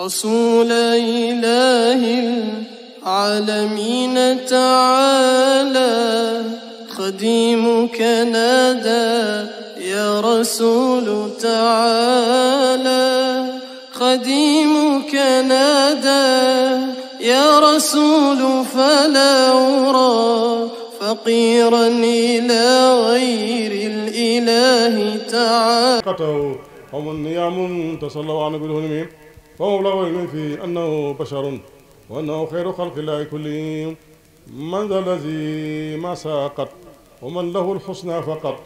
رسول إله العالمين تعالى خديمك نادى يا رسول تعالى خديمك نادى يا رسول فلا أرى فقيرا إلى غير الإله تعالى قطعوا هم النيام تصلوا عن بالهنمين فمبلغ علمي فيه أنه بشر وأنه خير خلق الله كلهم من ذا الذي ما ساقط ومن له الحسنى فقط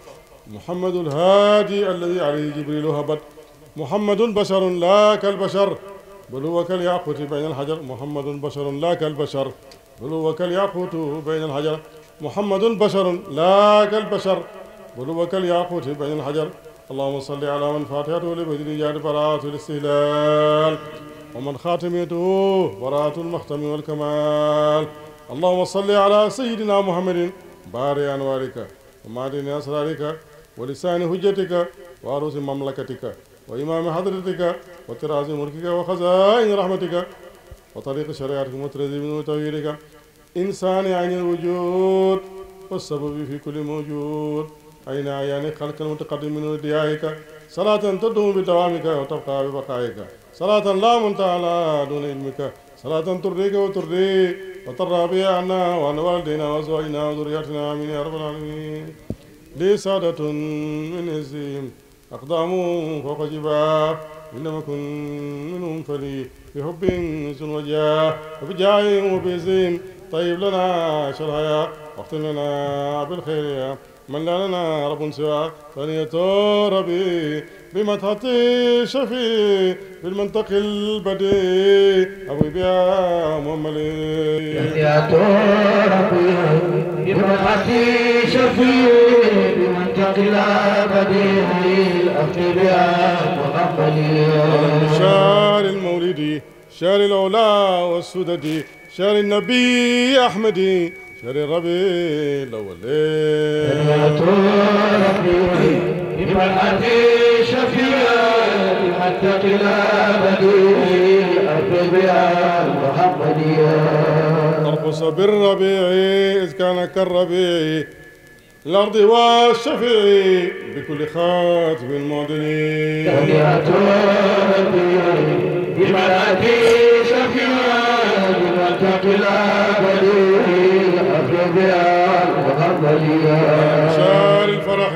محمد الهادي الذي عليه جبريل هبط محمد بشر لا كالبشر بل هو كالياقوت بين الحجر محمد بشر لا كالبشر بل هو كالياقوت بين الحجر محمد بشر لا كالبشر بل هو كالياقوت بين الحجر اللهم صل على من فاتحته لبدر جاد براءة الاستهلال ومن خاتمته براءة المختم والكمال اللهم صل على سيدنا محمد باري أنوارك ومعدن أسرارك ولسان حجتك وعروس مملكتك وإمام حضرتك وطراز ملكك وخزائن رحمتك وطريق شريعتك مترزي من تغييرك إنسان عين الوجود والسبب في كل موجود أين أعيان خلق المتقدمين وديائك صلاة تدوم بدوامك وتبقى ببقائك صلاة لا منتع على دون علمك صلاة ترضيك وترضي وترى بها عنا وعن والدنا وزوجنا وذرياتنا من يا رب العالمين لي سادة من عزهم أقدام فوق جباه إنما كن منهم فلي بحب إنس وجاه وبجاه وبإذن طيب لنا شرعيا واختم لنا بالخير يا من لعلنا رب سواك فليتوربي بمتحط شفي في المنطق البدي أبوي بيا مملي فليتوربي بمتحط شفي بمنطق البدي أبوي بيا مملي شار المولدي شار الأولى والسددي شار النبي أحمدي شهر ربيع الأول ربي بمرأة شفيع المتقل أبدي الربيع المحمدية بالربيع إذ كان كالربيع الأرض والشفيع بكل خاتم معدني يا ربي بمرأة شفيع المتقل أبدي شار الفرح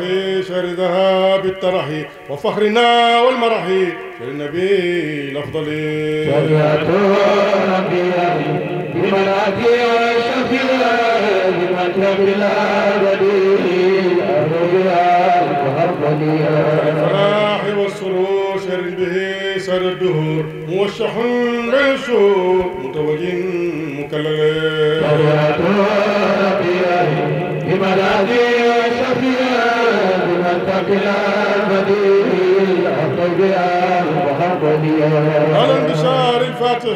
شار ذهاب الترح وفخرنا والمرح شار النبي الأفضل شريعة الأنبياء بمنافع والشفيع بمكتب الأبدي الرجال وهربني الفرح والسرور شر به سر الدهور موشح غير الشهور متوج مكلل شريعة ولادي على انتشار الفاتح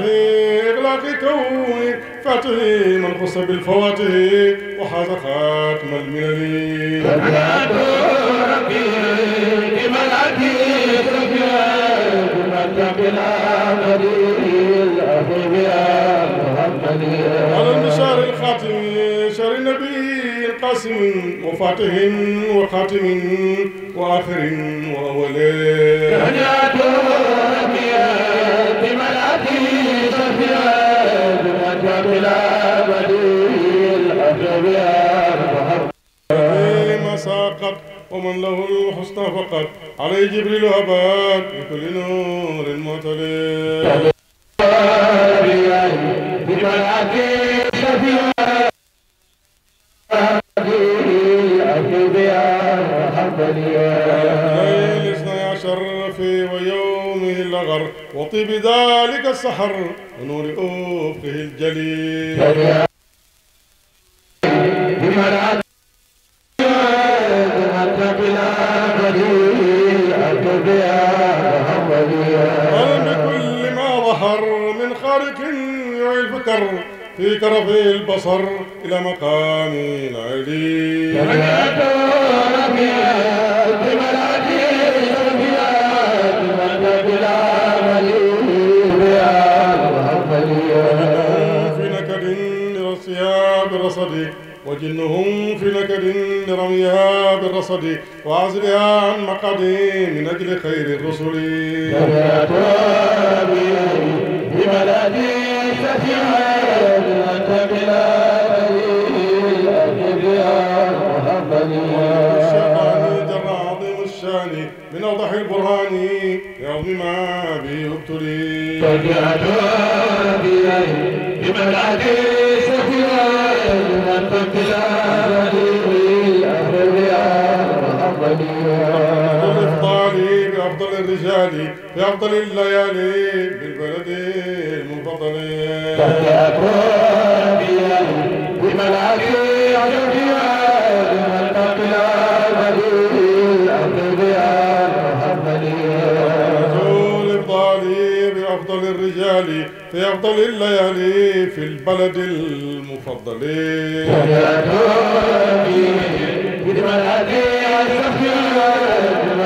إغلاق كون فاته من قص بالفواته وحاز خاتم المنن فبيعت ربي بملأتي شفيع بمنطق الأبدي أطبيع وحقني على انتشار قاسم وفاتح وخاتم وآخر وأول ومن له الحسنى فقط عليه جبريل أباد بكل نور معتلي سحر ونور أفقه الجليل بكل ما ظهر من يعي الفكر في طرف البصر إلى مقام 对，我也是这样。الرجال في أفضل الليالي بالبلد المفضل تحت أكوابيا بمنعتي عجبيا نلتقي أفضل الرجال في أفضل الليالي في البلد المفضل يا بمنعتي عجبيا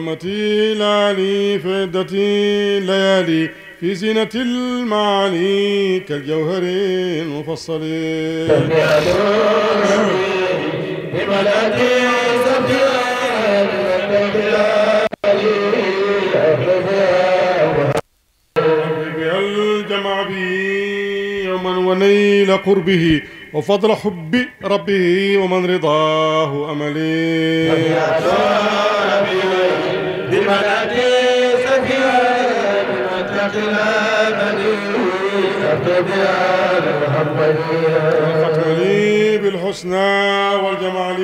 رحمتي العلي فدتي ليالي في زينة المعالي كالجوهر المفصل الجمع به يوما ونيل قربه وفضل حب ربه ومن رضاه أملي والقدري بالحسنى والجمال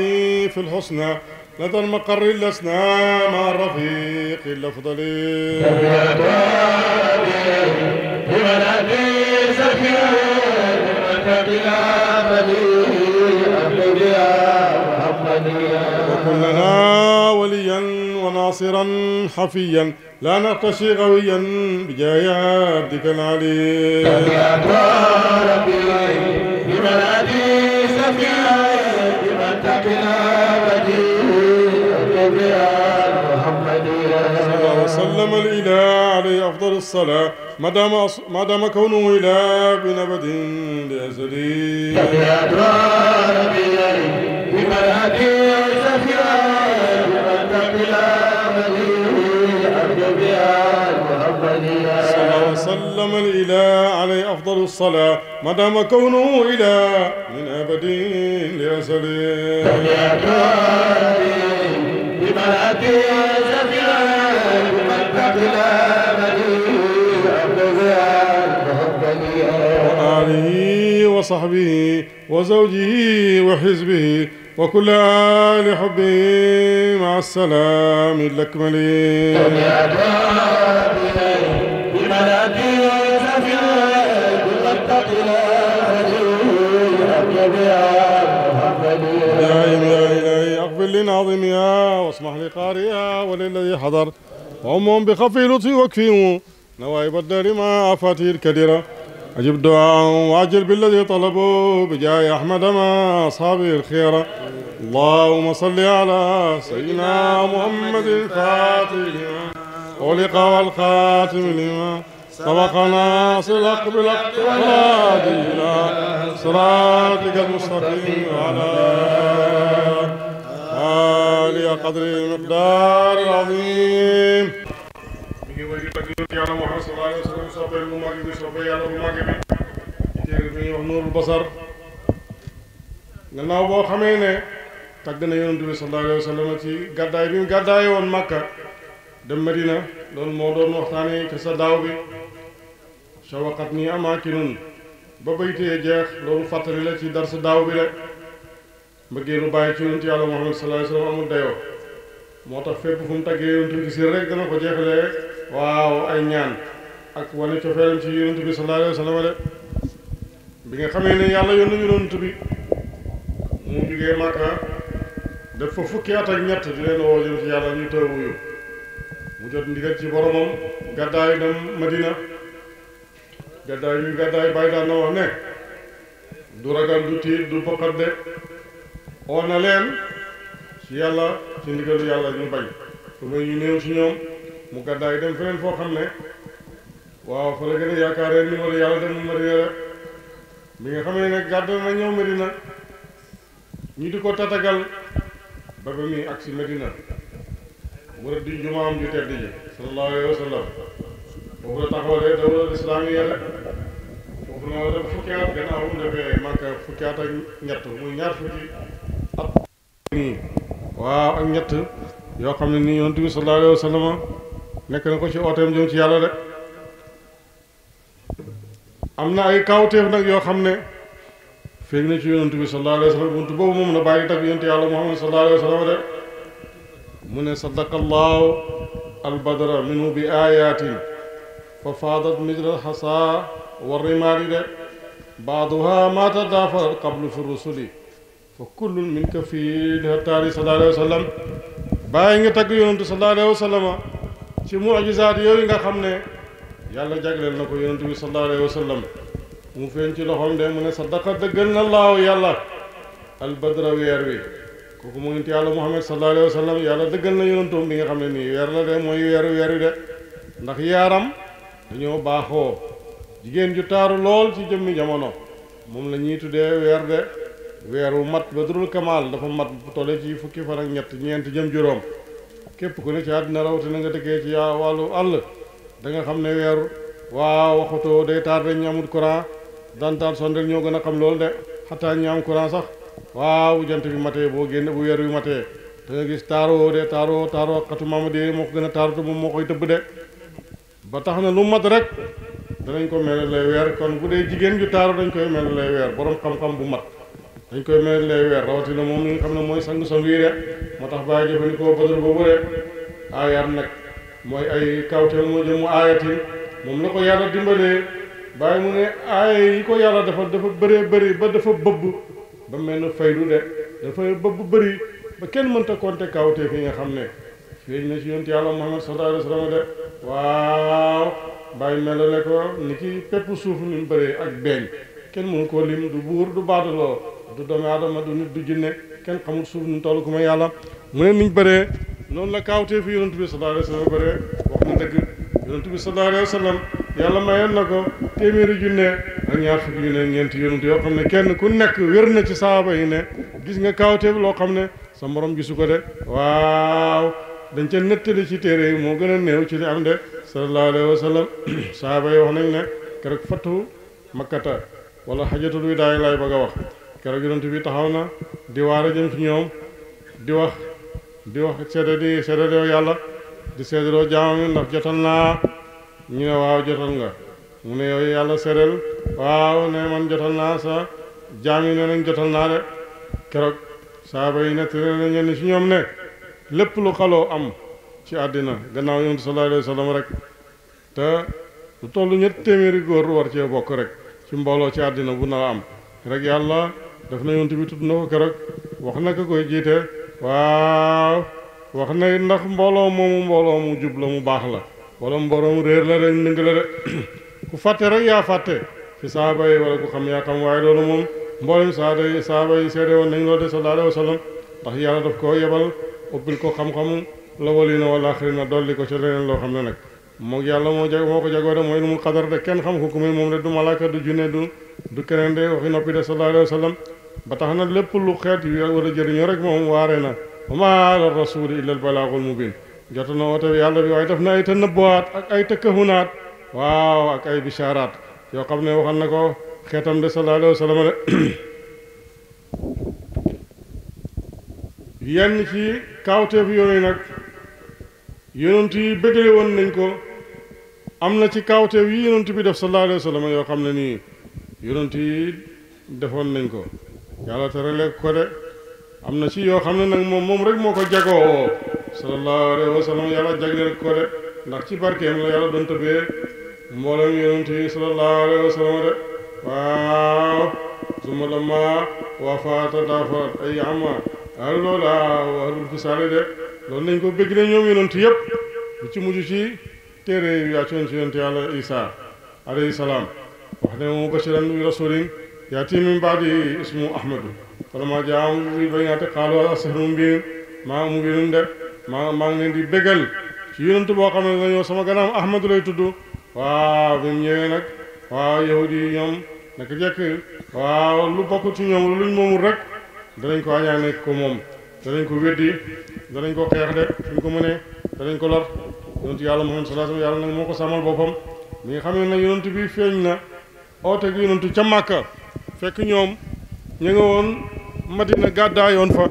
في الحسنى لدى المقر لسنا مع الرفيق الافضل لمن وكلنا وليا وناصرا حفيا لا نرتشي غويا بجاه عبدك العلي وسلم الإله عليه أفضل الصلاة ما دام ما دام كونه إله بن أبد لأزلي تبعت ربي بمن هدي الإله عليه أفضل الصلاة ما دام كونه إله من أبد لأزل وآله وصحبه وزوجه وحزبه وكل آل حبه مع السلام الأكملين كل عظيمها واصمح لقارئها وللذي حضر وامهم بخفي لطفي وكفيهم نوائب الدار ما افاتي الكدرة أجب دعاءهم واجل بالذي طلبوا بجاه أحمد ما أصحابه الخيرة اللهم صل على سيدنا محمد الفاتح ولقاء الخاتم والخاتم لما سبقنا صلق بالحق والهادي إلى صراطك المستقيم على عالي قدر المقدار العظيم ñu ngi wër di tagg yonent yàlla Muhammad sallallahu alayhi wa sallam soppe bu mag bi soppe yàlla bu mag bi téere bi ñuy wax Nuurul Basar gannaaw boo xamee ne tagg na yonent bi sallallahu alayhi wa sallam ci gàddaay bi mu gàddaaye woon Makka dem Madina loolu moo doon waxtaane ci sa daaw bi shawaqat nii amaakinun ba baytee jeex loolu fàttali la ci dar sa daaw bi rek mbëggeelu bàyyi ci yonentu yàlla Muhammad sallallahu alayhi wa sallam amul dayoo moo tax fépp fu mu taggee yonentu bi si rek dana ko jeexalee waaw ay ñaan ak wane cofeelam ci yonentu bi sallallahu alayhi wa sallam de bi nga xamee ne yàlla yónni yonentu bi mu jugee ci yàlla ñu tëw wuyu mu jot ndigal ci boromam gàddaay dem Madina gàddaay ñu gàddaay bàyyi daan na wax ne du ragal du tiit du bokkat de oo na leen ci yàlla ci ndigalu yàlla ñu bañ su may ñu néew ci ñoom mu gàddaay dem feneen foo xam ne waaw fa la gën a yaakaaree ni wala yàlla dem Madina rek mi nga xam ne ne na ñëw Madina ñu di ko tatagal ba ba muy agsi Madina mu rëdd di jumaam ju tedd ji sallallahu alayhi wa sallam foofu la taxawalee dawla islaamiya la foofu la def fukki at gannaaw mu defee Makka fukki at ak ñett muy ñaar fukki nii waaw ak ñett yoo xam ne nii yonent bi sallallahu alayhi wa nekk na ko ci ooteem jëm ci yàlla de am na ay kawteef nag yoo xam ne feeg na ci yonent bi sallallahu alayhi wa boobu moom la bàyyi tag yonent yàlla muhammad sallallahu alayhi wa sallam de mu ne sadaqallahu albadra minhu bi ayatin fa faadat midral xasa wa rimaari de baaduha ma tadaafarat qablu fi rusuli fa kullun min ka fii li xattaari sallallahu alayhi wa sallam bàyyi nga tagg yonentu sallallahu alayhi ci sallam ci mujizaat yooyu nga xam ne yàlla jagleel na ko yonentu bi sallallahu alayhi wa mu feeñ ci loxoom de mu ne sadaqa dëggal na laaw yàlla albadra weer wi kooku mu ngi yàlla muhammad sallallahu alayhi wa sallam yàlla dëggal na yonentoom bi nga xam ne nii weer la de mooy weeru weer wi de ndax yaaram dañoo baaxoo jigéen ju taaru lool ci jëmmi jamono moom la ñuy tuddee weer de wéru mat badrul kamal dafa mat tole ci fukki fan ak ñett ñent jëm juroom képp ku ne ci àddina na nga dëkkee ci yaa wàllu àll da nga xam ne weeru waa waxutoo day taar rek ñu amul courant daan taal ñoo gën a xam loolu de xataa ñu am courant sax waaw jant bi matee boo génn bu wéru bi matee da nga gis taaroo de taaroo taaroo xatu maama de moo ko gën a taarutu moom moo koy tëbb de ba tax na lu mat rek danañ ko mel weer kon bu dee jigéen ju taaru dañ koy mel borom xam-xam bu mat dañ koy mel lay weer rawatina moom mi nga xam ne mooy sang sa wii de moo tax bàyyi jëfandikoo badar boobu de aayaat nag mooy ay kawteel moo jëm mu aayatin moom la ko yàlla dimbalee bàyyi mu ne aaya yi ko yàlla dafa dafa bëree bëri ba dafa bëbb ba mel na faydu de dafa bëbb bëri ba kenn mënta compter kawtee fi nga xam ne feeñ na ci yonent yàlla Muhammad sallallahu alayhi wa sallam de waaw bàyyi mel ne ko ni ki pepp suuf mu bëree ak beeñ kenn mënu ko lim du buur du baadaloo du doomu aadama du nit du jinne kenn xamul suuf nu toll ku ma yàlla mu ne niñ bëree noonu la kaawtee fi yonent bi sallallahu alayhi wa sallam bëree wax na dëgg yonent bi sallallahu alayhi wa sallam yàlla mayoon na ko téeméeri junne ak ñaar fukki junne ñeenti yonent yoo xam ne kenn ku nekk wér na ci saaba yi ne gis nga kaawtee loo xam ne sa morom gisu ko de waaw dañ ca nettali ci téere yi moo gën a néew ci li am de sallallahu wa sallam saaba yi wax nañ ne keroog fatu makkata wala xajatul widaay laay bëgg a wax keroog yonent bi taxaw na di waare jëm ci ñoom di wax di wax seede di seedaloo yàlla di seedaloo jaamam ndax jotal naa ñu ne waaw jotal nga mu ne yow yàlla seedal waaw ne man jotal naa sa jaam yi ne nañ jotal naa de keroog saaba yi nett na ñenn ci ñoom ne lépp lu xaloo am ci àddina gannaaw yonent sallallahu alayhi rek te lu toll ñett téeméeri góor war cee bokk rek ci mbooloo ci àddina bu nar am rek yàlla def na yonent bi tudd na ko keroog wax na ko koy jiite waaw wax na ndax mbooloo moomu mbooloo mu jub la mu baax la wala mbooloo mu réer la rek nëng la rek ku fàtte rek yaa fàtte fi saaba yi wala ku xam yaa xam waaye loolu moom mboolem saaba yi saaba yi seede woon nañ loolu de sallallahu alayhi wa sallam ndax yàlla daf koo yebal ubbil ko xam xam la wali na wala xëy na dolli ko ci leneen loo xam ne nag moog yàlla moo jag moo ko jagoo de mooy lu mu xadar de kenn xam ko ku muy moom de du malaaka du junne du du keneen de waxi noppi de sallallahu alayhi wa sallam ba tax na lépp lu xeet yi war a jëriñoo rek moom waare na wa maa ala rasuli illa al jot na woote yàlla bi waaye def na ay tanabbuwaat ak ay tëkkahunaat waaw ak ay bicharaat yoo xam ne waxal na ko xeetam de sallallahu alayhi wa sallam de yenn ci kaawteef yooyu nag yonent yi bëggale woon nañ ko am na ci kaawteef yi yonent bi def sallallahu alayhi yoo xam ne nii yonent yi defoon nañ ko yàlla terale ko de am na ci yoo xam ne nag moom moom rek moo ko jagoo sallallahu alayhi wa sallam yàlla jagleel ko de ndax ci barkeem la yàlla doon tëbee mboolem yonent yi sallallahu alayhi wa de waaw suma lama wafaata daafat ay ama al loola waxlul fisaale de loolu lañ ko bëgg ne ñoom yonent yëpp bu ci mujj ci téere yu yàccoon ci yonent yàlla isa alayhi salaam wax ne mu bashiran bi rasulin يأتي من بعده اسمه أحمد فلما جاءهم بالبينات قالوا هذا سحر مبين ما مبين ده ما ما نين دي بيغال ci yonent boo xam ne sama ganaam ahmadu lay tudd waaw bi mu ñëwee waaw yahudi yi ñoom naka jekk waaw lu bokk ci ñoom luñ moomul rek danañ ko añaane ko moom danañ ko weddi danañ ko xeex de suñ ko mënee danañ ko lor yonent yàlla muhammad sallallahu alayhi wa sallam yàlla nag moo ko sàmmal mi nga xam ne bi na gi fekk ñoom ñu nga woon madina gàddaayoon fa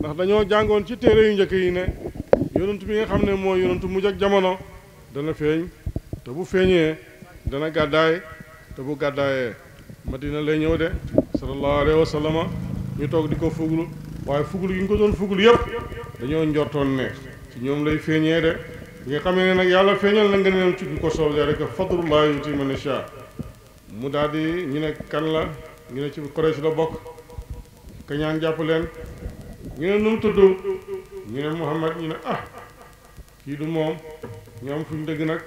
ndax dañoo jàngoon ci téere yu njëkk yi ne yonent bi nga xam ne mooy yonentu mujj ak jamono dana feeñ te bu feeñee dana gàddaay te bu gàddaayee madina lay ñëw de sallallahu alayhi wasallam ñu toog di ko fuglu waaye fuglu yi nga ko doon fuglu yépp dañoo njortoon ne ci ñoom lay feeñee de bi nga xamee ne nag yàlla feeñal na nga neen ci ko soob rek fadrullah yuti ñu ne kan la ñu ne ci Quraysh la bokk kañaan jàpp leen ñu ne nu tudd ñu ne Muhammad ñu ne ah kii du moom ñu am fuñ dëgg nag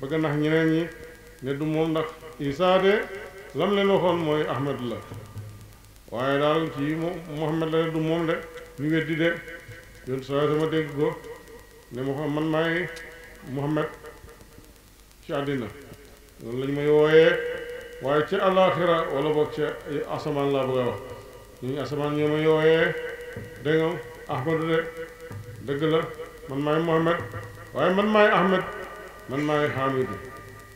bëgg nax ñeneen yi ne du moom ndax Isaa de lam leen waxoon mooy Ahmed la waaye daal kii moom Muhammad la du moom de ñu weddi de yoon saa sama dégg ko ne ma ko man maay Muhammad ci àddina loolu lañ may wooyee waaye ci àllaaxira wala boog ci asamaan laa bëgg wax ñuñu asamaan ñoo ma yowee dégg de dëgg la man maay mohammed waaye man maay ahmed man maay hamidu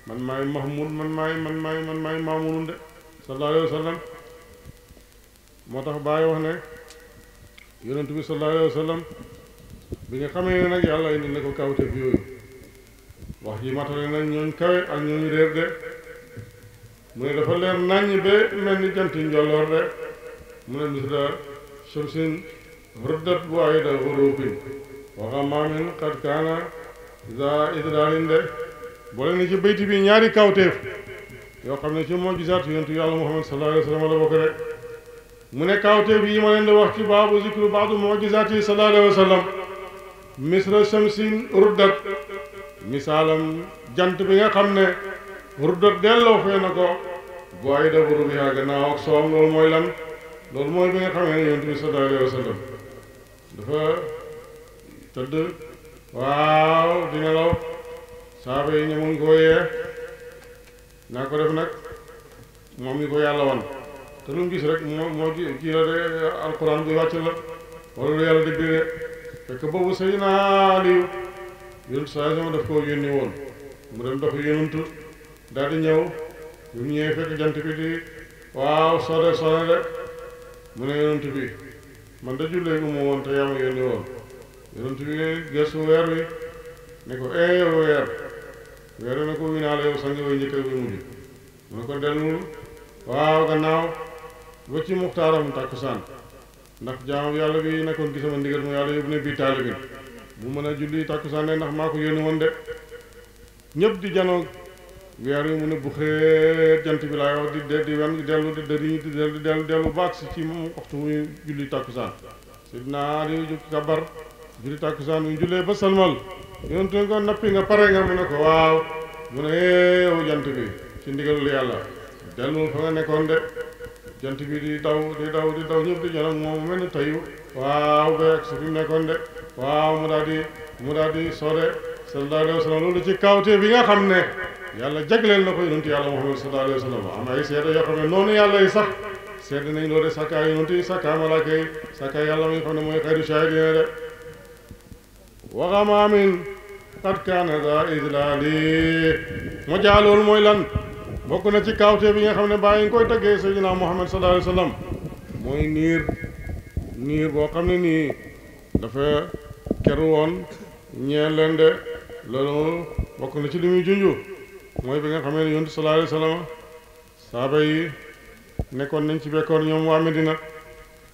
man maay mahmud man maay man maay man maay mamunun de sallallahu alayhi moo tax bàyyi wax ne yonent bi sallallahu alayhi bi nga xamee nag yàlla indi na ko kawte bi yooyu wax ji matale na ñooñ kawe ak ñooñu réer de mu ne dafa leer nàññi ba mel ni jant njolloor de mu ne misla shamsin ruddat bu ay da xurubin waxa maamin xat kaana za idraalin de boole na ci bayti bi ñaari kawteef yoo xam ne ci moo gisaatu yontu yàlla muhammad sallallahu alayhi wa mu ne kawteef yi ma leen di wax ci baabu zikru baadu moo gisaat yi sallallahu alayhi wa sallam misla shamsin ruddat misaalam jant bi nga xam ne wurdat delloo fe na ko guaida da wuru bi yaa gannaaw ak soom loolu mooy lan loolu mooy bi nga xamee ne yonent bi sallallahu alayhi wa dafa tëdd waaw dina nelaw sabe yi ñamun koo na naa ko def ko wan te lu gis rek la alquran bi wàcc la wala lu di bire fekk boobu sëy naa liyu yonent saa sama daf mu dem dox daal di ñëw bi mu fekk jant bi di waaw sore sore rek mu ne yonent bi man da jullee uma woon te yaa ma woon yonent bi gëstu weer wi ne ko ee eh, yow weer weer ne ko wi naa la yow sang way njëkkal bi mujj mu ne ko dellul waaw gannaaw ba ci muxtaaram tàkkusaan ndax jaamam yàlla bi nekkoon gisama ndigal mu yàlla yóbbu ne bii taalibi mu mën a julli tàkkusaan ne ndax maa ko yónni woon de ñëpp di janoo weer wi mu ne bu jant bi laa yow di de di wen di dellu di dëri di dellu ba dellu dellu baag si ci waxtu muy julli tàkkusaan sidna di jóg kabar julli tàkkusaan mu jullee ba salmal yonent ko nappi nga pare nga mu ne ko waaw mu ne yow jant bi ci ndigalul yàlla dellu fa nga nekkoon de jant bi di daw di daw di daw ñëpp di ñanam moom mel ni tayu waaw si fi nekkoon de waaw mu daal di mu daal di soode sallallahu alayhi wa sallam loolu ci kawte bi nga xam ne yalla jagleel nako yonent yalla Muhammad sallallahu alaihi wasallam am ay seeda yo xamne nonu yalla yi sax seed nañ lo de sakay yonent yi sakay malaaka yi sakkaa yàlla mi nga xam ne mooy xayru shaahidina de qad kana za izlali mo jaa moy lan bokku na ci kawte bi nga xamne baye ngoy tagge sayyidina Muhammad sallallahu alaihi wasallam moy nir nir bo xamne ni dafa keru won ñeelende lolu bokku na ci limuy muy mooy bi nga xamee ne yontu sallallahu alayhi wa sallam saaba yi nekkoon nañ ci bekkoor ñoom waa Medina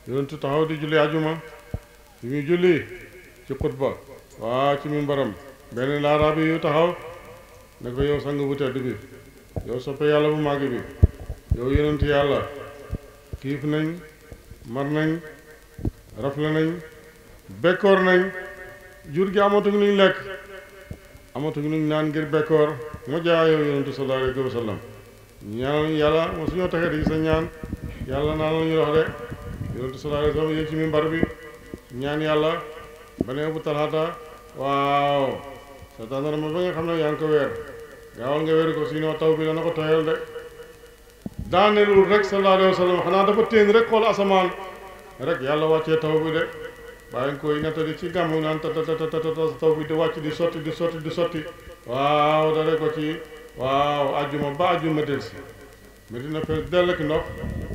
yontu taxaw di julli ajuma bi muy julli ci xutba waa ci mu mimbaram benn laaraabi yu taxaw ne ko yow sang bu tedd bi yow soppe yàlla bu màgg bi yow yonent yàlla xiif nañ mar nañ rafle nañ bekkoor nañ jur gi amatuñ luñ lekk amatuñu luñ naan ngir bekkoor mu jaayoo yonentu sallallahu alayhi wa sallam yàlla mo suñoo taxee di sa ñaan yàlla naan la ñu wax de yonentu sallallahu alayhi wa sallam yéeg ne ma ba nga xam ne yaa ngi ko weer gaawal nga weeri ko sinon taw bi dana ko tooyal de daanelul rek sallallahu alayhi wa sallam xanaa dafa téen rek xool asamaan rek yàlla wàccee taw bi de maa ngi koy nettali ci gàmmu naan tatatatatatas taw bi di wàcc di sotti di sotti di sotti waaw dare ko ci waaw ajjuma ba ajjuma delsi mais dina fees dell ak ndox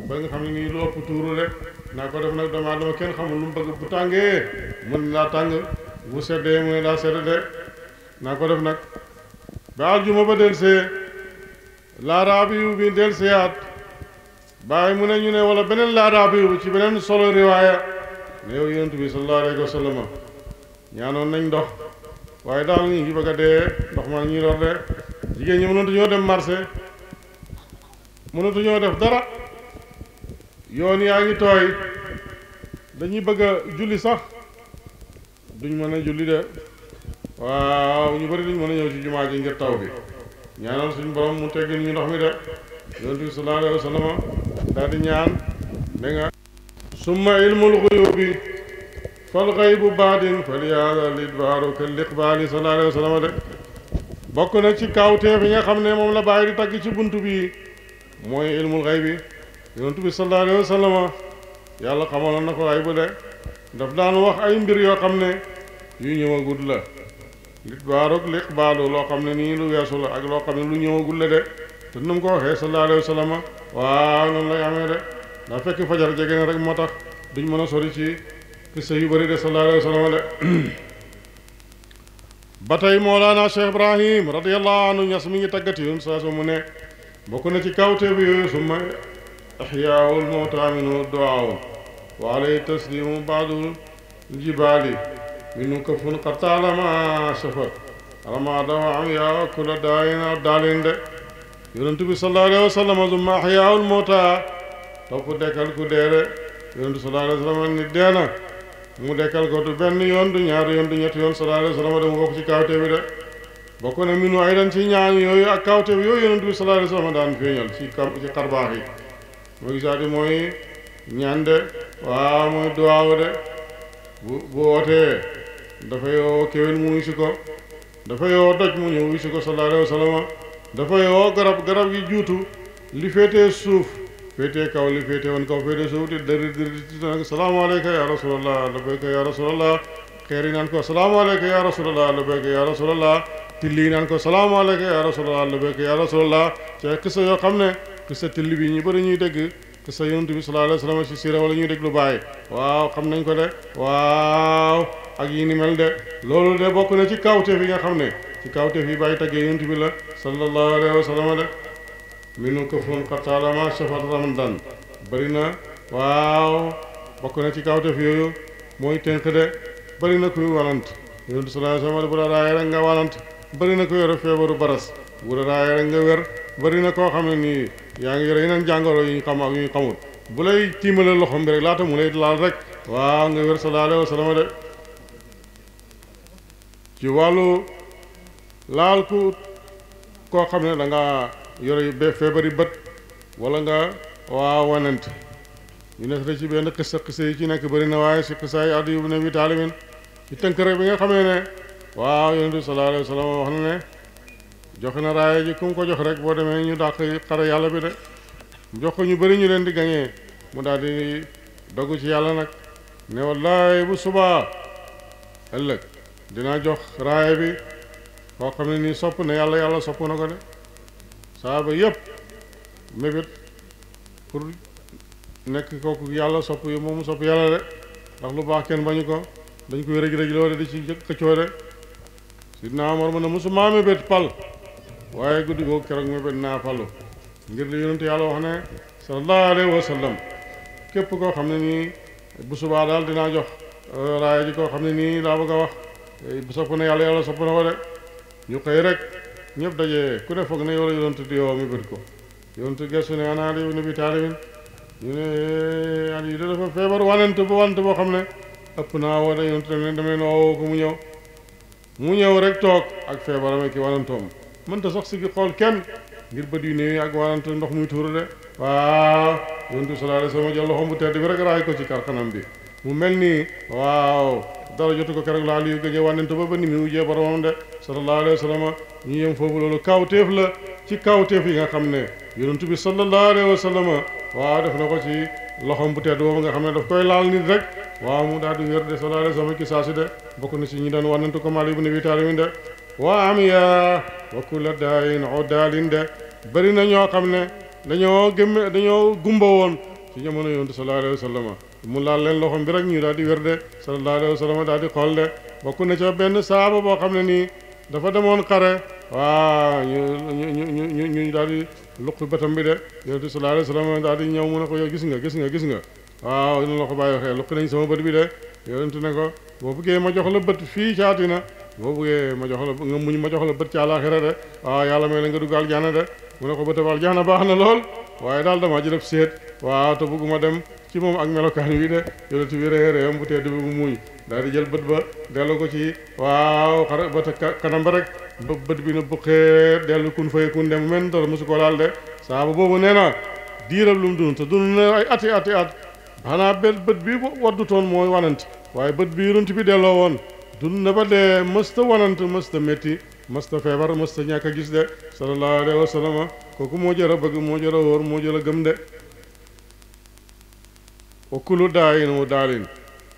ba nga xam ne lu ëpp tuuru rek naa ko def nag dama dama kenn mu bëgg bu tàngee mun laa tàng bu seddee mu ne laa de naa ko def nag ba delsee laaraabi bi delseyaat bàyyi mu ne ñu ne wala beneen laaraabi yu ci beneen solo riwaaya neew yow yonent bi sallallahu alayhi wasallam ñaanon nañ ndox waye dal ñi ngi bëgga dé dee ndox maa ngi ñuy lor de jigéen ñi mënu ñoo dem marché mënu ñoo def dara yoon yaa ngi tooy dañuy bëgg julli sax duñ mëna julli dé waaw ñu bari duñ mëna ñëw ci juma ji ngir taw bi ñaanal suñu borom mu teggil ñu ndox mi dé yonent bi sallallahu alayhi wasallam sallam daal di ñaan nga summa ilmul xuyubi fal xaybu baadin fal yaada lidbaaru kal iqbaali sallallahu alayhi wa de bokk na ci kawteef yi nga xam ne moom la bàyyi di tagg ci bunt bi mooy ilmul xay bi yonent bi sallallahu alayhi yàlla xamaloon na ko xay bu de daf daan wax ay mbir yoo xam ne yu ñëwagul la lit baaroog baalu loo xam ne nii lu weesu la ak loo xam ne lu ñëwagul la de te nu ko waxee sallallahu alayhi waaw noonu lay amee de daa fekk fajar jege na rek moo tax duñ mën a sori ci kissa yu bëri de sallallahu alayhi de ba tey moolaana cheikh ibrahim radiallahu anhu ñas mi ngi tàggati yoon saa su mu ne bokk na ci kawte bi yooyu summa axyaawul mawtaaminu doaaw wa alay taslimu baadul jibaali minu kafun xartaalama safa ramada wa am yaa kula daayina daalin de yonent bi sallallahu alayhi summa axyaawul mawtaa topp dekkal ku dee de yonent sallallahu alayhi wa sallam dee na mu dekkal ko du benn yoon du ñaari yoon du ñetti yoon sallallahu alayhi wa sallam dama bokk ci kawte bi de bokk na minu ay dan ci ñaan yooyu ak kawte bi yooyu yonent bi sallallahu alayhi daan feeñal ci ci yi mooy gisaati mooy ñaan de waaw mooy duwaaw de bu bu wootee dafa yoo kéwén mu wuy si ko dafa yoo doj mu ñëw wuy si ko sallallahu alayhi wa dafa yoo garab garab yi juutu li suuf féetee kaw li féete woon kaw féete suuf di dëri dëri di naan salaamaaleyka ya rasulallah labbayka ya rasulallah xeer yi naan ko salaamaaleyka ya rasulallah labbayka ya rasulallah tilli yi naan ko salaamaaleyka ya rasulallah labbayka ya rasulallah ca xisa yoo xam ne xisa tilli bi ñu bëri ñuy dégg xisa yonent bi sallallahu si siira wala ñuy dégg lu bàyyi waaw xam nañ ko de waaw ak yi ni mel de loolu de bokk na ci kawteef yi nga xam ne ci kawteef yi bàyyi taggee yonent la sallallahu alayhi wa sallam de minum ko foon xartaalama safar ramadan bëri na waaw bokk na ci kawtef yooyu mooy tënk de bëri na kuy wanant yonent sallallahu alayhi wa sallam bu la raayee rek nga wanant bëri na ko yore feebaru baras bu la raayee rek nga wér bëri na koo xam ne nii yaa ngi yore yeneen jàngoro yu ñu xam ak yu ñu xamul bu lay tiimale loxom bi rek laata mu lay laal rek waaw nga wér sallallahu alayhi wa de ci wàllu laal ku koo xam ne da nga yore be yi bët wala nga waa wanante ñu nekk de ci benn xisa xisa yi ci nekk bari na waaye si xisa yi Adiyu ibn Abi Taalib ci tënk rek bi nga xamee ne waaw yonent bi sallallahu alayhi wa sallam wax na ne joxe na raaya ji ku mu ko jox rek boo demee ñu dàq xare yàlla bi de mu jox ko ñu bari ñu leen di gañee mu daal di dogu ci yàlla nag ne wallaay bu subaa ëllëg dinaa jox raaya bi koo xam ne nii sopp na yàlla yàlla sopp na ko de saaba yëpp mébét pour nekk kooku yàlla sopp yi moomu sopp yàlla de ndax lu baax kenn bañu ko dañ koy rëj rëj loo de di ci këccoo de sidna Omar mën a musuma mébét pal waaye guddi googu keroog mébét naa palu ngir li yonente yàlla wax ne sallallahu alayhi képp koo xam ne nii bu subaa daal dinaa jox euh, raaya ji koo xam ne nii laa bëgg a wax sopp na yàlla yàlla sopp na ko de ñu xëy rek ñépp daje ku ne foog ne yow la di yow mi bët ko yonent gestu ne ana Aliyu ibn Abi Taalib ne eh, Aliyu dafa feebar wanant ba wanant boo xam ne ëpp naa woo da yonent ne damay noo ko mu ñëw mu ñëw rek toog ak feebaram ki wanantoom mënta sax si xool kenn ngir bët yu néew ak wanant ndox muy tuuru de waaw yonent sallallahu alayhi wa sallam jël loxoom bu tedd bi rek raay ko ci karxanam bi mu mel nii waaw dara jotu ko keroog laa Aliyu gëj a wanant ba ba ni ñu yem foofu loolu kawteef la ci kawteef yi nga xam ne yonent bi sallallahu alayhi wa sallam waaw def na ko ci loxom bu tedd boobu nga xam ne daf koy laal nit rek waaw mu daal di wér de sallallahu alayhi wa sallam ci saa si de bokk na ci ñi daan wànnantu ko Maalik ibn Abi Taalib de waa am ya wakula daayin odaalin de bëri na ñoo xam ne dañoo gémme dañoo gumba woon ci jamono yonent sallallahu alayhi wa sallam mu laal leen loxom bi rek ñu daal di wér de sallallahu alayhi wa sallam daal di xool de bokk na ca benn saaba boo xam ne nii dafa demoon xare waaw ñu ñu ñu ñu daal di luq bëtam bi de yonent bi sallallahu alayhi wasallam daal di ñëw mu ne ko yow gis nga gis nga gis nga waaw ñu la ko bàyyi waxee luq nañ sama bët bi de yonent ne ko boo bëggee ma jox la bët fii ci àddina boo bëggee ma jox la nga muñ ma jox la bët ci àllaaxira de waaw yàlla may la nga dugg aljaana de mu ne ko bëtam aljaana baax na lool waaye daal damaa jëlëf seet waaw te bëgguma dem ci moom ak melokaan wi de yonent bi ree reeyam bu tedd bi mu muñ daal di jël bët ba dellu ko ci waaw xara bët kanam ba rek ba bët bi na buqee dellu kun fay kun dem men dara mosu laal de saaba boobu nee na diiram lu mu dund te dund na ay ati ati at xanaa bët bi waddu mooy wanant waaye bët bi yonent bi delloo woon dund na ba dee mësta wanant mësta métti mësta feebar mësta ñàkk a gis de sallallahu alayhi wa sallam kooku moo jër a bëgg moo jër a wóor moo jër a gëm de wa kulu daayin wa daalin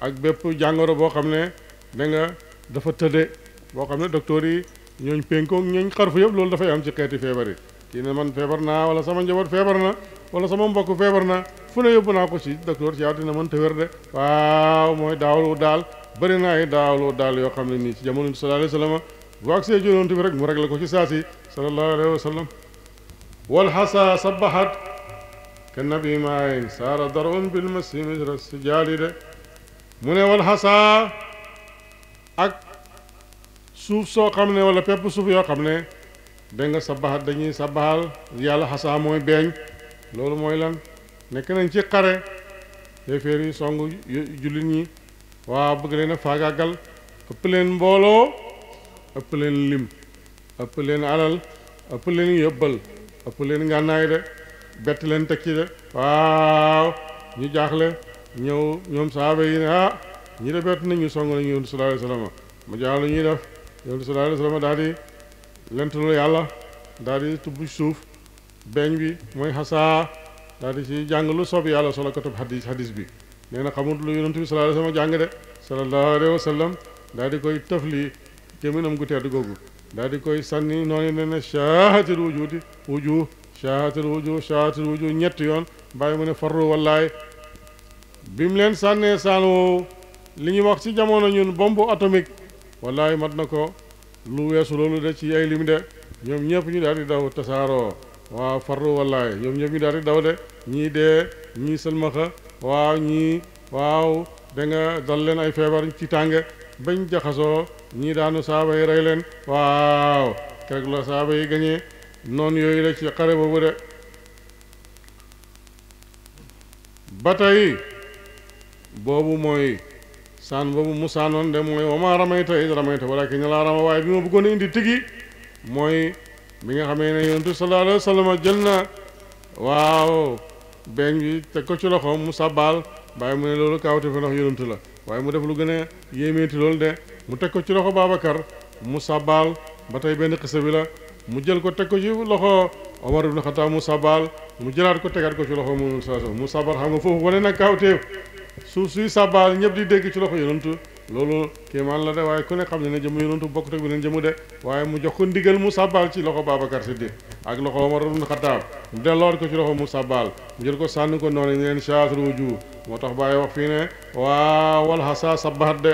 ak bépp jàngoro boo xam ne da nga dafa tëdde boo xam ne docteur yi ñooñ pénkoog ñooñ xarfu yëpp loolu dafay am ci xeeti feebar yi kii man feebar naa wala sama njaboot feebar na wala sama mbokk feebar na fu ne yóbbu naa ko ci docteur ci yaw dina mën te de waaw mooy daawlu daal bëri naa ay daawlu daal yoo xam ne nii ci jamono sallallahu alayhi wa sallam bu agsee jonontu bi rek mu réglé ko ci saasi sallallahu alayhi wa sallam walxasa sabahat ke nabi maayin saara mune wal hasa ak suuf so xamne wala pepp suuf yo xamne ne nga sabaxal dañuy sabaxal yalla hasa moy beñ lolu moy lan nek nañ ci xare yéeféer yi songu jullit ñi wa bëgg leena a ëpp leen mbolo ëpp leen lim ëpp leen alal ëpp leen yobbal ëpp leen ngànnaay de bet leen tekki de waaw ñu jaxle ñëw ñoom saaba yi ne ah ñi de bett nañu song nañu yonent sallallahu alayhi wasallam mu jaaw lu ñuy def yonent sallallahu alayhi wasallam daal di yàlla daal di tubb suuf beñ bi mooy xasaa daal di ci jàng lu soob yàlla solo katub hadis hadis bi nee na xamut lu yonent bi sallallahu alayhi wasallam jàng de sallallahu alayhi wasallam daal di koy tëfli gémminam gu tedd googu daal di koy sànni noonu ne ne shaahatil wujuuti wujuh shaahatil wujuh shaahatil wujuh ñetti yoon bàyyi mu ne farru wallaay bi mu leen sànnee saan woowu li ñu wax ci jamono ñun bombe atomique wallaay mat na ko lu weesu loolu de ci ay lim de ñoom ñëpp ñu daal di daw tasaaroo waaw farlu wallaay ñoom ñëpp ñu daal daw de ñii dee ñii sëlmaxa waaw ñii waaw da nga dal leen ay feebar ci tànge bañ jaxasoo ñii daanu saaba yi rey leen waaw keroog saaba yi gañee noonu yooyu de ci xare boobu de ba tey boobu mooy saan boobu mu saanoon de mooy wama ramayta is ramayta walakin laa rama waaye bi ma bëggoon indi tigi mooy bi nga xamee ne yonentu sallallahu alayhi wa sallam jël na waaw beñ bi teg ko ci loxoom mu sàbbaal bàyyi mu ne loolu kaawte fa ndax la waaye mu def lu gën a yéemeeti mu teg ko ci loxo Babacar mu sàbbaal ba tey benn xisa bi la mu jël ko teg ko ci loxo Omar ibn Khattab mu sàbbaal mu jëlaat ko tegaat ko ci loxo mu sallallahu alayhi mu sàbbaal xam nga foofu wane na kaawteef suuf suy sàbbaal ñëpp di dégg ci loxo yonantu loolu kéemaan la de waaye ku ne xam ne ne jëmu yonantu bokkut ak beneen jëmu de waaye mu jox ko ndigal mu sàbbaal ci loxo Babacar Siddiq ak loxo Omar ibn Khattab mu delloor ko ci loxo mu sàbbaal mu jël ko sànni ko noonu ne leen chaatul wuju moo tax bàyyi wax fii ne waa wal hasa de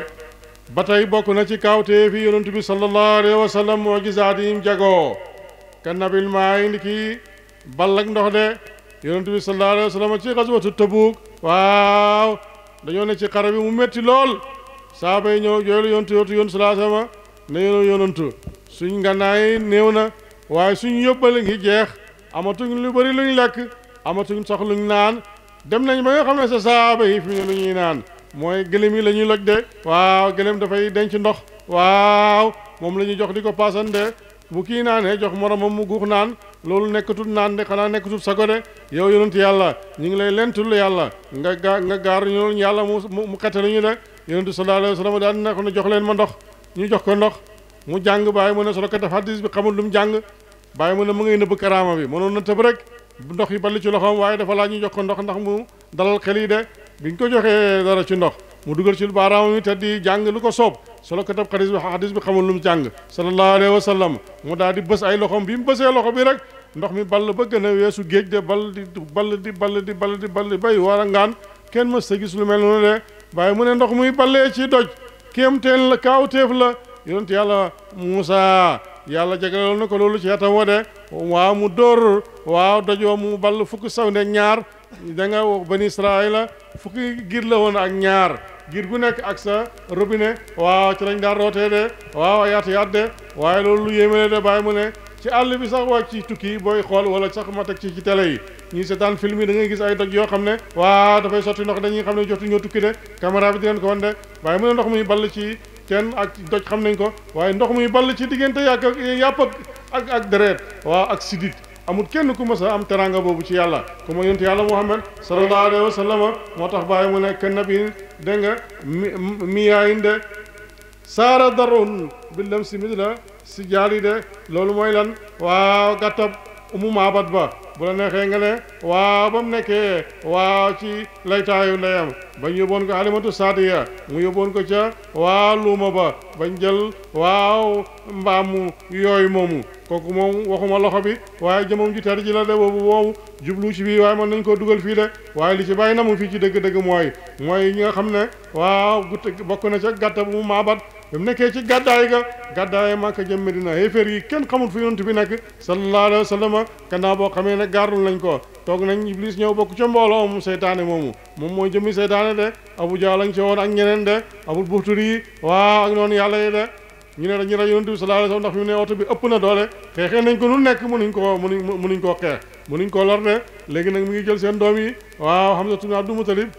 ba tey bokk na ci kaawtee fi yonantu bi sallallahu alayhi wa sallam mujizaat yi mu jagoo ka nabil maa indi kii ball ak ndox de yonantu bi dañoo ne ci xare bi mu métti lool saaba yi ñëw jooylu yontu yootu yoon salaasama ne yoonu yonantu suñ nganaay néew na waaye suñ yóbbale ngi jeex amatuñ lu bari luñ lekk amatuñ sax luñ naan dem nañ ba nga xam sa saaba yi fi ne lu naan mooy gëlëm yi la ñuy loj de waaw gëlëm dafay denc ndox waaw moom la ñuy jox di ko paasande bu naan naanee jox moromam mu guux naan loolu nekkatul naan de xanaa nekkatul sago de yow yonent yàlla ñu ngi lay lentul yàlla nga gaa nga gaar ñu loolu yàlla mu mu xetale ñu de yonent sallallahu alayhi wa sallam daal ne ko jox leen ma ndox ñu jox ko ndox mu jàng bàyyi mu ne solo ko def hadis bi xamul lu mu jàng bàyyi mu ne mu ngay nëbb karaama bi mënoon na tëb rek ndox yi balli ci loxoom waaye dafa laa ñu jox ko ndox ndax mu dalal xel yi de biñ ko joxee dara ci ndox mu dugal ci baaraamam yi te di jàng lu ko soob solo ko tab xadis bi xadis bi xamul lu mu jàng sallallahu alayhi wa sallam mu daa di bës ay loxom bi mu bësee loxo bi rek ndox mi ball ba gën a weesu géej de ball di ball di ball di ball di ball bay war a ngaan kenn mës sa gis lu mel noonu de waaye mu ne ndox muy ballee ci doj kéemteen la kaawteef la yonent yàlla Muusa yàlla jagaleloon na ko loolu ci yatam wa de waaw mu dóor waaw doj mu ball fukk saw ne ñaar da nga wax bani israila fukki giir la woon ak ñaar giir gu nekk ak sa robine waaw ci lañ daan rootee de waaw yaatu yaat de waaye loolu lu yéemale de bàyyi mu ne ci àll bi sax waa ci tukki booy xool wala sax ma teg ci ci télé yi ñuy seetaan film yi da gis ay doj yoo xam ne waaw dafay sotti ndox dañuy xam ne jotu ñoo tukki de caméra bi di leen ko wan de waaye mu ne ndox muy ball ci teen ak doj xam nañ ko waaye ndox muy ball ci diggante yàq yàpp ak ak deret waaw ak sidit amul kenn ku mës am teranga boobu ci yàlla ku ma yontu yàlla muhammad sallallahu alayhi wa sallam moo tax bàyyi mu ne ka nabiin dégg nga miyaayin de saara darun bi lam si midi la si jaali de loolu mooy lan waaw gàttab umu maabat ba bu la neexee nga ne waaw ba mu nekkee waaw ci laytaayu ndeyam bañ yóbboon ko alimatu saadiya mu yóbboon ko ca waaw luuma ba bañ jël waaw mbaamu yooyu moomu kooku moom waxuma loxo bi waaye jëmam ji tar ji la de boobu boobu jublu ci bii waaye mën nañ koo dugal fii de waaye li ci bàyyi na mu fii ci dégg dëgg mooy mooy ñi nga xam ne waaw gutt bokk na ca gàtt bu mu maabat ba nekkee ci gàddaay ga gàddaay Makka jëm Medina xéeféer yi kenn xamul fu yonent bi nekk sallallahu alayhi wa boo xamee ne gaarul nañ ko toog nañ iblis ñëw bokk ca mbooloo mu seytaane moomu moom mooy jëmmi seytaane de Abu Jahl lañ ci woon ak ñeneen de Abul Buxturi yi waaw ak noonu yàlla yi de ñu ne dañu rey yonent bi sallallahu alayhi wa ndax ñu ne oto bi ëpp na doole xeexee nañ ko nu nekk mënuñ koo mënuñ mënuñ koo xeex mënuñ koo lor de léegi nag mi ngi jël seen doom yi waaw Hamza ibn Abdul Muttalib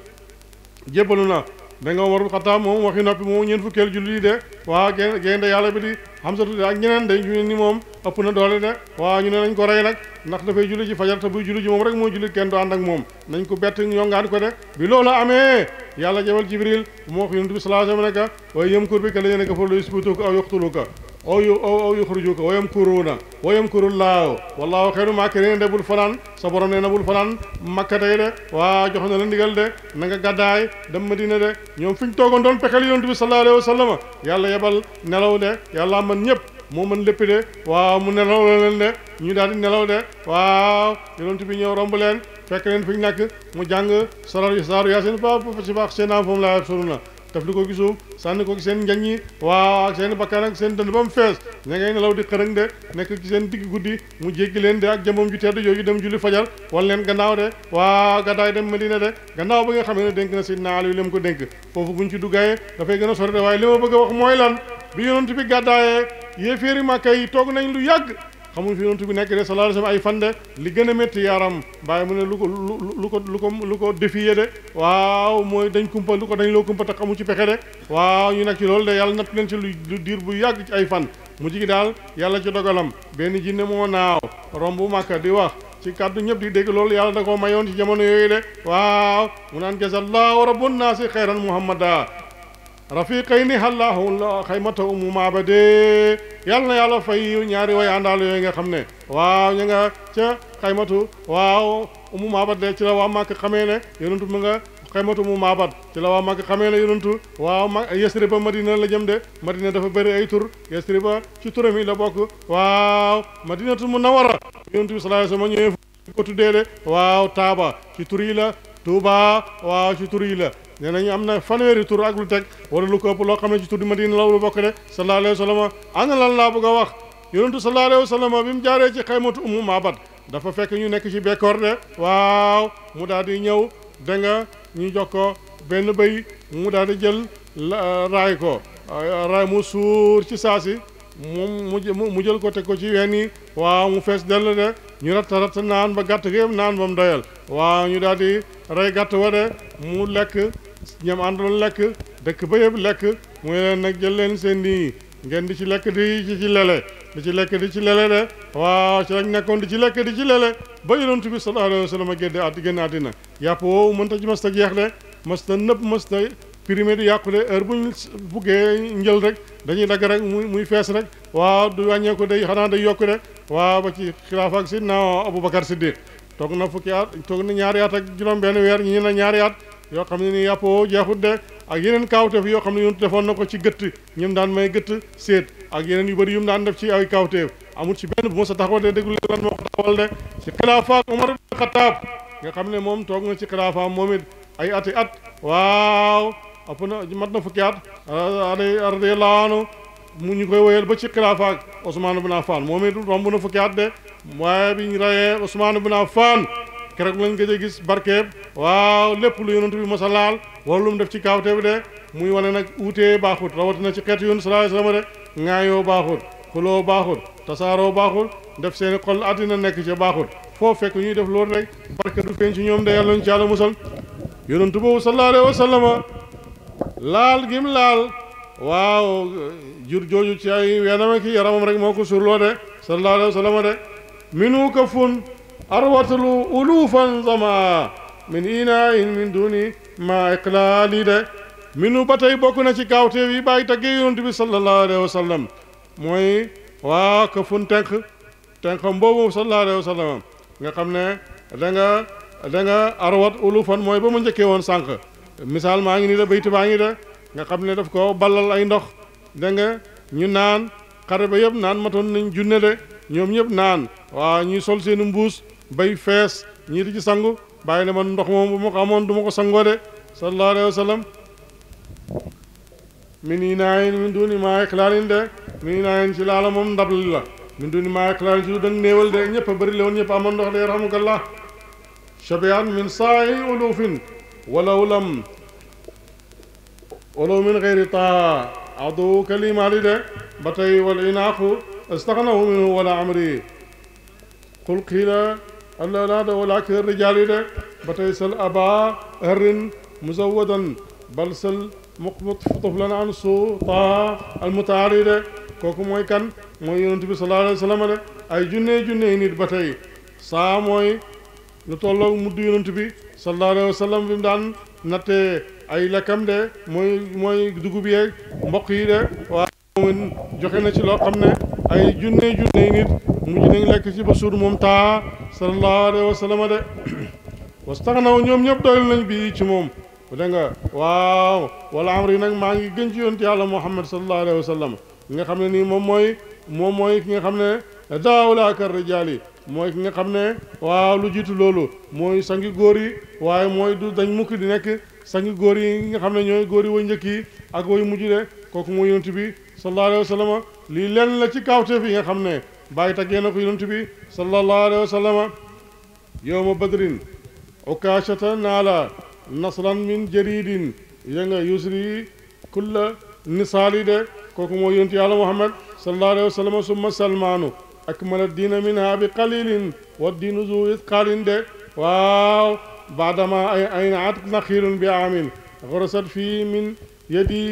jébbalu na da nga warul xattaab moom waxi noppi moom ñeen fukkeel jullit yi de waa gén génde yàlla bi di xamsatu ak ñeneen de ñu ne ni moom ëpp na doole de waa ñu ne nañ ko rey nag ndax dafay julli ji fajar te buy julli ji moom rek mooy julli kenn du moom nañ ko bett ñongaan ko de bi loolu amee yàlla jabal jibril moo wax yonent bi sallallahu alayhi wa waaye yëm bi ka la ka fa lu isbituka aw yuqtuluka o yu o yuxrijuka wa yamkuruuna wa yamkurullaahu wallaahu xayru maakiriin de bul fanaan sa borom nee na bul fanaan makka tey de waa jox na la ndigal de na nga gàddaay dem madina de ñoom fi ñu toogoon doon pexel yonent bi sallallahu alayhi wa sallam yàlla yebal nelaw de yàlla man ñëpp moo man lépp de waa mu nelaw la leen de ñu daal di nelaw de waa yonent bi ñëw romb leen fekk leen fi ñu nekk mu jàng sarar yu saaru yaasin fa si baax seen am daf li ko gisoo sànni ko ci seen njañ yi waaw ak seen bakkan ak seen dënd ba mu fees ña ngay nelaw di xërëng de nekk ci seen digg guddi mu jéggi leen de ak jëmam ju tedd yooyu dem julli fajar wal leen gannaaw de waaw gaddaay dem Medina de gannaaw ba nga xamee ne dénk na Seydina Aliyu li mu ko dénk foofu buñ ci duggaayee dafay gën a sori de waaye li ma bëgg a wax mooy lan bi yonent bi gàddaayee yéeféeri Màkka yi toog nañ lu yàgg xamuñ fi yonent bi nekk de sallallahu alayhi wasallam ay fan de li gën a métti yaram bàyyi mu ne lu ko lu ko lu ko lu ko défier de waaw mooy dañ kumpa lu ko dañ loo kumpa te xamu ci pexe de waaw ñu nekk ci loolu de yàlla natt leen ci lu diir bu yàgg ci ay fan mu jigi daal yàlla ci dogalam benn jinne moo naaw romb màkka di wax ci kàddu ñëpp di dégg loolu yàlla da koo mayoon ci jamono yooyu de waaw mu naan jasallahu rabbun naasi xayran muhammada rafiqayni xallaahu xaymata umu maabade yàlla na yàlla fay ñaari way àndaal yooyu nga xam ne waaw ña nga ca xaymatu waaw umu maabade ci la waa màkk xamee ne yonentu mu nga xaymatu umu maabad ci la waa màkk xamee ne waaw ma yasriba madina la jëm de madina dafa bëri ay tur yasriba ci turam yi bokk waaw madinatu munawwara yonentu bi sallallahu alayhi wasallam ñëwee ko tuddee de waaw taaba ci tur yi tuuba waaw ci tur yi nee nañu am na fanweeri tur ak lu teg wala ko ëpp loo xam ne ci tur di Madina la lu bokk de sallallahu alayhi wa sallam ana a wax yonentu sallallahu alayhi bi mu jaaree ci xaymatu ummu maabat dafa fekk ñu nekk ci bekkoor de waaw mu daal di ñëw da ñu jox ko benn béy mu daal di jël raay ko raay mu suur ci saasi moom mu mu jël ko teg ko ci ween yi waaw mu fees dell de ñu ratta ratta naan ba gàtt gi naan ba mu doyal waaw ñu daal di rey gàtt ñam àndoon lekk dëkk ba yëpp lekk mu leen nag jël leen seen nii ngeen di ci lekk di ci ci lele di ci lekk di ci lele de waaw ci lañ nekkoon di ci lekk di ci lele ba yonent bi sallallahu alayhi wa sallam gédde at génn àddina yàpp woowu mënta ci mës ta jeex de mës ta nëpp mës ta primé di yàqu de bu buñ buggee njël rek dañuy dagg rek muy muy fees rek waaw du wàññeeku day xanaa day yokku de waaw ba ci xilaafa ak sidna Abubakar Siddiq toog na fukki at toog na ñaari at ak juróom benn weer na ñaari yoo xam ne ni yàpp woo jeexut de ak yeneen kaawteef yoo xam ne yontu defoon na ko ci gëtt ñim daan may gëtt séet ak yeneen yu bëri yu mu daan def ci ay kaawteef amul ci benn bu ma sa taxawal de déglu lan moo ko taxawal de ci xilaafaak Omar ibn Xataab nga xam ne moom toog na ci xilaafaam moom it ay ati at waaw ëpp na mat na fukki at ala radiyallahu anhu mu ñu koy woyal ba ci xilaafaak Ousmane ibn Affan moom it romb na fukki at de waaye bi ñu rayee Ousmane ibn Affan keroog lañ gëj a gis barkeeb waaw lépp lu yonent bi mos a laal wala lu mu def ci kaawte bi de muy wane nag uutee baaxut rawatina ci xeetu yoon sallallahu alayhi de ŋaayoo baaxut xuloo baaxut tasaaroo baaxul def seen xol àddina nekk ca baaxul foo fekk ñuy def loolu rek barke du feeñ ci ñoom de yàlla ñu ci yàlla musal yonent boobu sallallahu alayhi wasallam laal gim laal waaw jur jooju ci ay weenam yaramam rek moo ko surloo de sallallahu alayhi wasallam de minu ka fun أروة ألوفا ظما من إناء من دون ما إقلال ده minu ba tey bokk na ci gaawteef yi bàyyi taggee yonent bi sallallahu alayhi wa mooy waa këfun tenk tenkam boobu sallallahu alayhi wa nga xam ne da nga arwat ulufan mooy ba mu njëkkee woon sànq misaal maa ngi nii da baytu baa ngi da nga xam ne daf ko ballal ay ndox da ñu naan xare ba yëpp naan matoon nañ junne de ñoom ñëpp naan waa ñuy sol seenu mbuus bay fees ñii di ci sangu bàyyi ne ndox moom bu ma ko amoon du ma ko sangoo de sallallahu alayhi wa sallam min inaayin min duuni maa iklaarin de min inaayin ci laala moom ndab la min duuni maa iklaarin ci lu dang néewal de ñëpp a bëri la amoon ndox de yarhamukallah shabian min saayi ulufin walaw lam walaw min xeyri taa adu kalimaali de ba tey wal inaaqu astaxnahu minhu wala amri qul allah laa da walaaki rijaal yi de ba tey sal aba harin muzawadan bal sal muqmat tuflan an almutaari de kooku mooy kan mooy yonent ay junnee junnee nit ba tey saa mooy lu tolloog mudd yonent bi sallallahu alayhi wa daan nattee ay lekkam de mooy mooy dugub yeeg mboq de waaw moom joxe na ci loo xam ne ay junne junne yi nit mujj nañ moom taa sallallahu alayhi wa sallam de wastaxnaw ñoom ñëpp doyal nañ bii ci moom da nga waaw wala amri nag maa ngi gën ci yonent yàlla muhammad sallallahu alayhi wa sallam ki nga xam ne nii moom mooy moom mooy ki nga xam ne daawlaaka rijaali mooy nga xam ne waaw lu jiitu loolu mooy sangi góor yi waaye mooy du dañ mukk di nekk sangi góor yi nga xam ne ñooy góor yi way yi ak way mujj de kooku mooy yonent bi sallallahu alayhi wa la ci kaawteef yi nga xam ne bàyyi taggee na ko yonent bi sallallahu alayhi wa naala nasran min jaridin ya yusri kulla nisaali de kooku moo yonent muhammad sallallahu alayhi wa sallam summa minha bi qalilin wa diinu zu itqaalin waaw baadama ay aynaat naxiirun bi aamin xorosat fii min yadi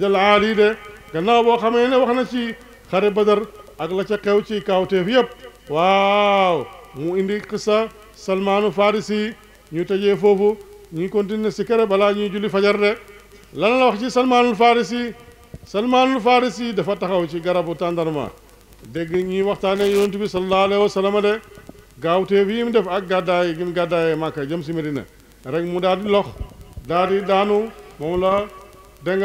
zalaali de gannaaw boo xamee ne wax na ci xare badar ak la ca xew ci kawteef yëpp waaw mu indi xisa salmaanu farisi ñu tëjee foofu ñu continuer si kere balaa ñuy julli fajar de lan la wax ci salmaanul farisi salmaanul farisi dafa taxaw ci garabu tàndarma dégg ñuy waxtaane yonent bi sallallahu alayhi wa sallam de gaawteef yi mu def ak gàddaay gi mu gàddaayee màkka jëm si na rek mu daal di lox daal di daanu moom la dégg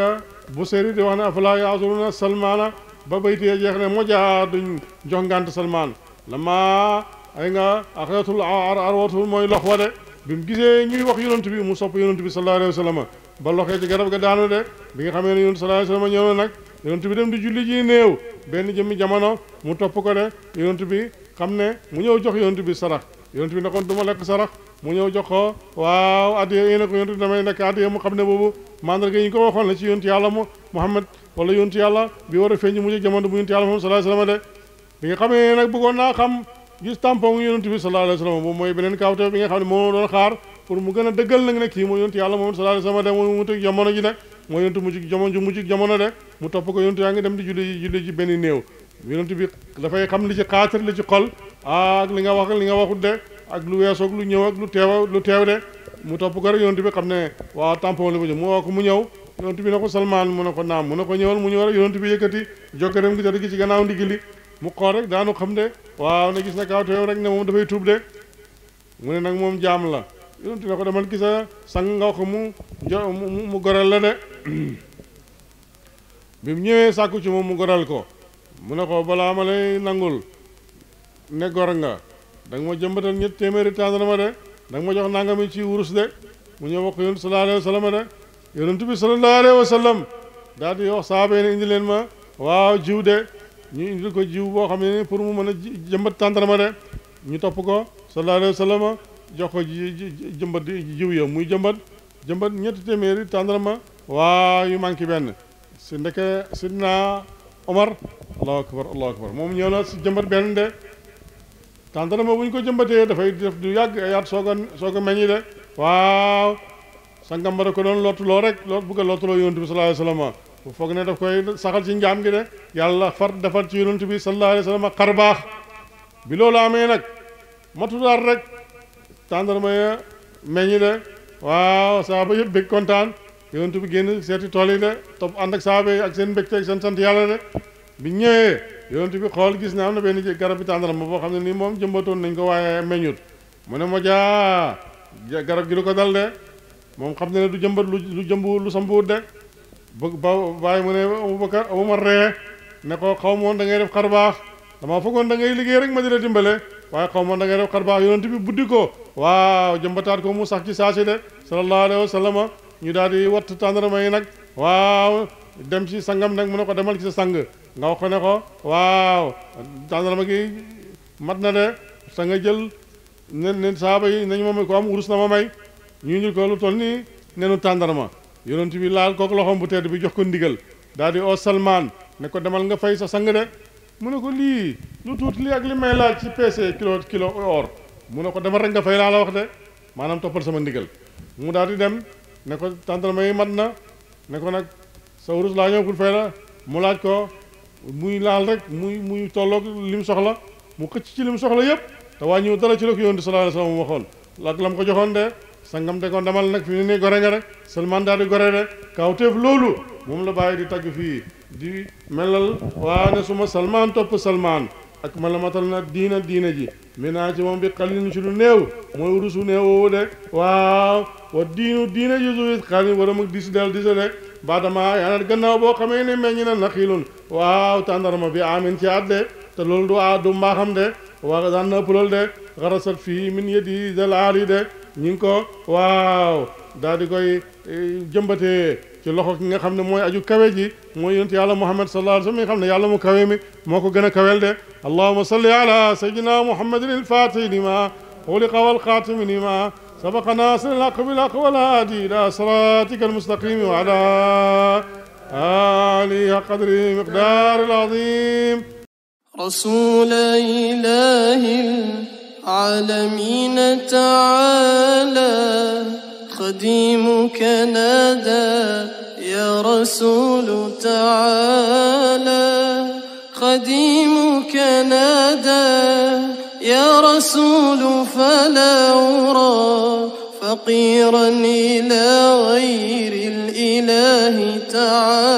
bu séeri di wax ne afalaa yaazuruna salmaana ba baytee jeex ne mojaa duñ jox ngànt salmaan lama ay nga axratul arwatul mooy lox wa de bi mu gisee ñuy wax yonent bi mu sopp yonent bi sallallahu alayhi wa ba loxee ci garab ga daanu de bi nga xamee ne yonent sallallahu alayhi wa sallam ñëw na nag yonent bi dem di julli ji néew benn jëmmi jamono mu topp ko de yonent bi xam ne mu ñëw jox yonent bi sarax yonent bi ne kon du ma lekk sarax mu ñëw jox ko waaw addiya yéene ko yonent bi damay lekk addiya mu xam ne boobu mandarga yi ñu ko waxoon la ci yonent yàlla mu Muhammad wala yonent yàlla a feeñ mu mujj jamono bu yonent yàlla moom sallallahu alayhi ne nag bëggoon naa xam gis tampon yonent bi sallallahu alayhi wasallam boobu mooy beneen kawte nga xam ne moo doon a dëggal mu tëg jamono de mu topp ko yonent yaa ngi dem di julli julli ji benn néew yonent bi dafay xam li ci xaatir li ci xol ak li nga wax li nga waxut de ak lu weesoo ak lu ñew ak lu tew lu tew de mu top gar yoon xamne wa ne tampon li ko jëm mu woo ko mu ñew yoon bi nako salman mu nako ko mu nako ñewal mu ñëw rek yoon bi yëkkati jokkaram gi tëdd gi ci gannaaw ndigili mu ko rek daanu xam de waaw gis na kaw tew rek ne moom fay tuub de mu ne nak mom jaam la yoon ne nako demal gisa sang nga ko mu mu goral la de bim ñewé sakku ci mom mu goral ko mu nako bala ma lay nangul ne gor nga da nga ma jëmbatal ñett téeméeri tàndarma de da nga ma jox nangami ci wurus de mu ñëw wax ko yonent sallallahu alayhi wa sallam de yonent bi sallallahu alayhi wa sallam daal di wax saaba yi ne indi leen ma waa jiw de ñu indil ko jiw boo xam ne pour mu mën a jëmbat tàndarma de ñu topp ko sallallahu alayhi wa sallam jox ko jëmbat jiw ya muy jëmbat jëmbat ñetti téeméeri tàndarma waaw yu manqué benn si ndeke sidna Omar allahu akbar allahu akbar moom ñëw na si jëmbat tàndarma bu ñu ko jëmbatee dafay def du yàgg ay at soog a soog a meññi de waaw sangam ba da ko doon lottuloo rek loot bëgg a lottuloo yonent bi sallallahu alayhi wasallam bu baax bi loolu amee nag matulaat rek tàndarma ya waaw saaba yëpp bég kontaan yonent bi génn seeti tool yi de topp ànd ak saaba yi ak seen mbégte ak seen sant yàlla de bi ñëwee yonent bi xool gis ne am na benn garab bi tàndarma boo xam ne nii moom jëmbatoon nañ ko waaye meññut mu ne moja garab gi du ko dal de moom xam ne ne du jëmbat lu lu jëmbuwul lu sambuwut de bëgg ba bàyyi mu ne Abubakar Umar ree ne ko xaw moon da ngay def xar baax dama foogoon da ngay liggéey rek ma di dimbale waaye xaw moon da ngay def xar baax yonent bi buddi ko waaw jëmbataat ko mu sax ci saasi de sallallahu alayhi wa sallam ñu daal di watt tàndarma yi nag waaw dem ci sangam nag mu ne ko demal ci sa sang nga wax ko ne ko waaw tàndarma gi mat na de sa nga jël nen ne saaba yi nañu ma may ko am wurus na ma may ñu ñu ko lu toll nii nenu tàndarma yonent bi laal kooku loxoom bu tedd bi jox ko ndigal daal di oo Salmaan ne ko demal nga fay sa sang de mu ne ko lii lu tuuti lii ak li may laaj ci peese kilo kilo or mu ne ko demal rek nga fay laa la wax de maanaam toppal sama ndigal mu daal di dem ne ko tàndarma yi na sa wurus laa ñëw pour fay la mu laaj ko muy laal rek muy muy tolloog li soxla mu xëcc ci li soxla yëpp te wàññiwu dara ci la yoon di sallallahu alayhi wasallam waxoon ak la mu ko joxoon de sangam de ko demal nag fi ne nii gore nga rek seulement daal di gore de kawteef loolu moom la bàyyi di tagg fii di melal waa ne suma salmaan topp salmaan ak ma la matal na diina diina ji mi naa ci moom bi xalin ci lu néew mooy rusu néew woowu de waaw wa diinu diina ji a baadama yaanat gannaaw boo xamee ne meññ na naxiilun waaw tàndarma bi amin ci at de te du a du mbaaxam de waaw daan na ëpp loolu de xarasat fii min yedi dal aali de ñu ko waaw daal di koy eh, jëmbatee ci loxo ki nga xam ne mooy aju kawe ji mooy yonent yàlla mu kawe moo ko gën a kawel de allahuma salli ala sayyidina muhammadin il fatih lima xuliqa wal xaatimi lima سبق ناصر الأقوى الأقوى الهادي إلى صراطك المستقيم وعلى آله قدر مقدار العظيم رسول إله العالمين تعالى خديمك نادى يا رسول تعالى خديمك نادى يا رسول فلا أرى فقيرا إلى غير الإله تعالى